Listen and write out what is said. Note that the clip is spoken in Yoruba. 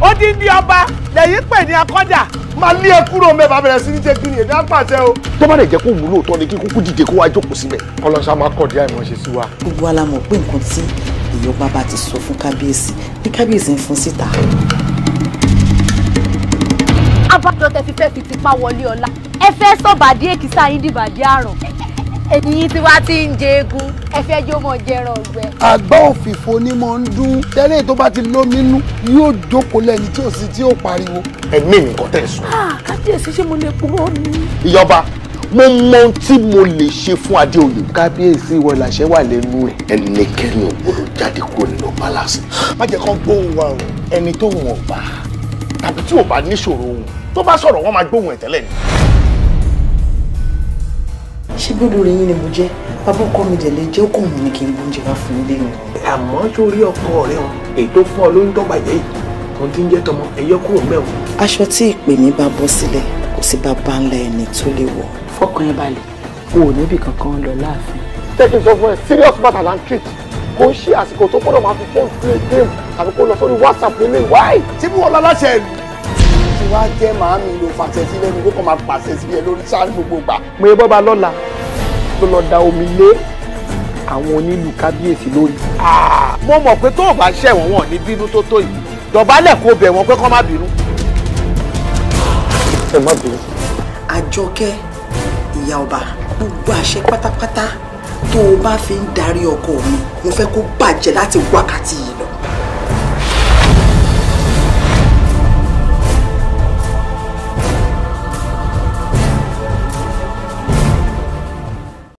ó dín dín ọba lẹ́yìn pè ní akọ́jà máa lé ẹ kúrò mẹ́fà bẹ̀rẹ̀ sí ní jẹ́ kí ni èdè àpàtẹ o. tó bá lè jẹ́ kó wúlò tán ni kí kúkú dìde kó wá jókòó síbẹ̀. ọlọ́sà máa kọ̀ díẹ̀ ìmọ̀ ṣe sí wa. gbogbo wa la mọ̀ pé nǹkan tí ìyọba bá ti sọ fún kábíyèsí ní kábíyèsí ń fún síta. abájọ tẹ fi fẹ́ fi tipa wọlé ọlá ẹ fẹ́ sọ bàdí èkìsá yín dìbàdí àrùn ẹ̀yin tí wá ti ń jẹ egun ẹ fẹ́ jó mọ̀ jẹran ọ̀gbẹ́. àgbá òfìfo ni mo ń dún tẹ́lẹ̀ tó bá ti lóminú yóò jókòó lẹ́yìn tí ò sí tí ò pariwo. ẹ̀mí mi kọ́ tẹ̀ sùn. kábíyèsí ṣé mo lè purọ́ ni. ìyọba mo mọ ohun tí mo lè ṣe fún adéoyè. kábíyèsí ìwọ làṣẹ wà lẹ́nu ẹ. ẹnikẹ́ni ò gbọdọ̀ jáde kúrò nínú pálásì. má jẹ́ kán gbóhùn wa o ẹni tó wọ̀n bá tàbí tí ò bá níṣòro ohun tó bá sọ̀rọ̀ wọ́n máa gbóhùn ẹ̀ tẹ́lẹ̀ ni ṣé gbọ́dọ̀ rẹ̀ yín ni mo jẹ́ bàbá ọkọ mi dẹ̀ lè jẹ́ ó kàn mí ni kí n gbóúnjẹ wá fún ilé mi. àmọ́ sórí ọkọ rẹ̀ hàn ètò fún ọ ló ń dọ́gba yẹ́ yìí òun ti ń jẹ́ tọmọ ẹ̀yọ́ kúrò mẹ́wọ̀n. aṣọ tí ìpè mi bá bọ́ sílẹ̀ kò sí bàbá ńlá ẹni tó lè wọ̀. fọkàn ẹ balẹ̀ o ò níbì kankan lọ láàfin. tẹ́kí sọ fún ẹ serious matter la ń treat kò ń ṣe àsìkò tó gbọ́dọ̀ máa fi fóònù play game tàbí kó lọ sórí whatsapp nílé wáì. tí mo lọ láṣẹ ìlú tí wàá jẹ́ màámi lò fàṣẹ sílẹ̀ mi kó kàn máa pàṣẹ sílẹ̀ lórí sáré gbogbo gbà. mo yẹ bọ́ ba lọ́la tó lọ da omi lé àwọn onílù kábíyèsí lórí. Ah, mo mọ̀ pé tó o bá ṣẹ̀wọ̀n wọn ní bínú tó tó yìí dọ̀bálẹ̀ kó bẹ̀ wọ́n pé kó má bínú. ẹ má bínú. àjọkẹ́ ìyá ọba gbogbo àṣẹ pátápátá tó o bá fi ń darí ọkọ mi mo fẹ́ kó bàjẹ́ láti wákàtí yìí lọ.